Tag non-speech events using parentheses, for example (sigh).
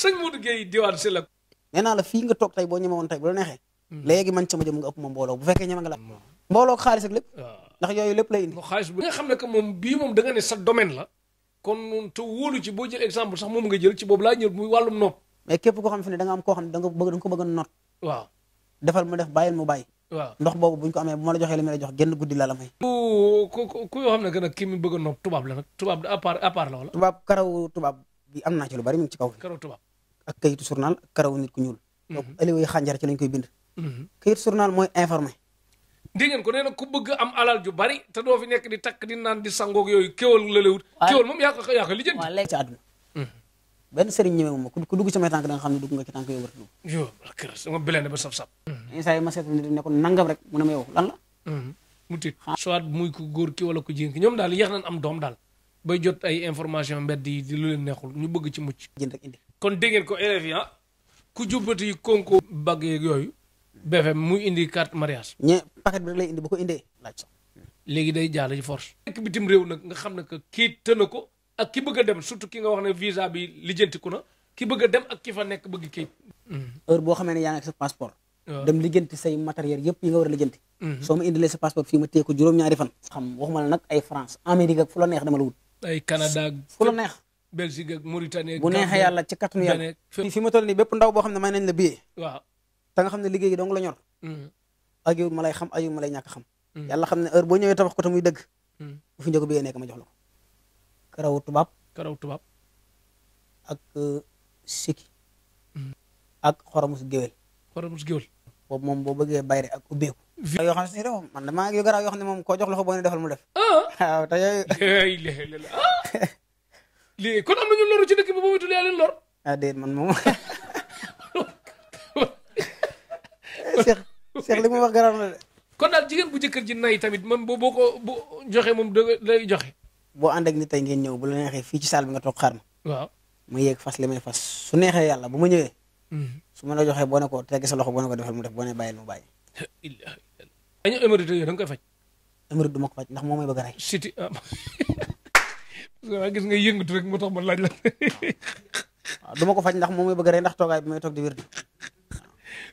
sëñ Modou Gueye diwaan si la. boo ñeme woon tey bu la neexee. Hmm. léegi man sama jëm nga ëpp ma mbooloo hmm. ah. moom bii boo jël sax moom nga jël ci boobu laa ñëw muy wàllum nopp. mais képp koo xam fi ne da am ne da nga bëgg a not. waaw defal mu def bàyyil ko amee la joxee li ma la jox génn guddi laa la may. ku xam ne bëgg a tubaab la nag tubaab karaw tubaab am naa ci lu bari mi ngi ci kaw. karaw tubaab ak kayitu journal ak karaw nit ku ñuul. Mhm. donc aliwa yi xànjar ci lañ koy bind. Mhm. kayitu journal mooy informé. dégg ngeen ko nee na ku bëgg am alal ju bari te doo fi nekk di takk di naan di yooyu kéwal la lewut. moom yaa ko yaa ko a mhm. nangam rek mu ma yow lan la. mu ah. soit muy ku góor ki wala ku jigéen ki ñoom daal yéex am doom daal bay jot ay information mbedd yi di lu leen neexul ñu bëgg ci mucc. kon déggeen ko élèves yi ah, ku jubbati concours bag yeeg yooyu. BFM muy indi carte mariage. ñe paquet bi rek lay indi bu ko indee laaj sax. léegi day jaala ci force. nekk bitim réew nag nga xam ne que kii tëna ko ak ki bëgg a dem surtout ki nga wax ne visa bi ku na ki bëgg a dem ak ki fa nekk bëgg kii. Mm-hmm. heure boo a lijjanti. Mm-hmm. soo ma indilee sa passeport fii ma téye juróom-ñaari fan. xam waxuma la nag ay France Amérique fu la neex dama wut. ay Canada fu la neex. Belgique ak Mauritanie. bu neexee yàlla ci kàttanu yàlla. fi ma toll nii bépp ndaw boo xam ne may nañ la billet. waaw te xam ne liggéey dong la ñor. Mm-hmm. ajuut ma lay xam ajuut ma lay ñàkk xam. Mm-hmm. yàlla xam ne heure boo ñëwee tabax ko te muy dëgg. Mm-hmm. bu fi njëgu billet nekk ma jox la ko. karaw tubaab. karaw tubaab. ak euh, siki. ak xoromus géwél. xoromus géwél. boobu moom boo bëggee bayre ak ubbeeku. yoo xam ne moom man damaa yu garaaw yoo xam ne moom koo jox loxo boo ne defal mu def. Ah! waaw te yooyu. léegi (laughs) ah! kon am na ñu loru ci dëkk bi ba wutul yaa lor. ah déet man moom. (laughs) Cheikh Cheikh mu wax garaaw na de. tamit moom boo boo ko bu joxe moom lay joxe. boo ànd ak nit bu la neexee fii ci salle bi nga toog xaar ma. mu ma yéeg fas li fas su neexee yàlla bu ma ñëwee. Mm-hmm. su ma la joxee boo ne ko tegge sa loxo boo ne ko defal mu def boo ne bàyyil mu bàyyi. dañu émérite yooyu da nga koy faj. émérite du ma faj ndax moom mooy bëgg a siti ah, (laughs) parce que gis nga yëngatu rek moo tax ma laaj la. waaw du ma ko faj ndax moom mooy bëgg a rey ndax toogaay bi may toog di wér.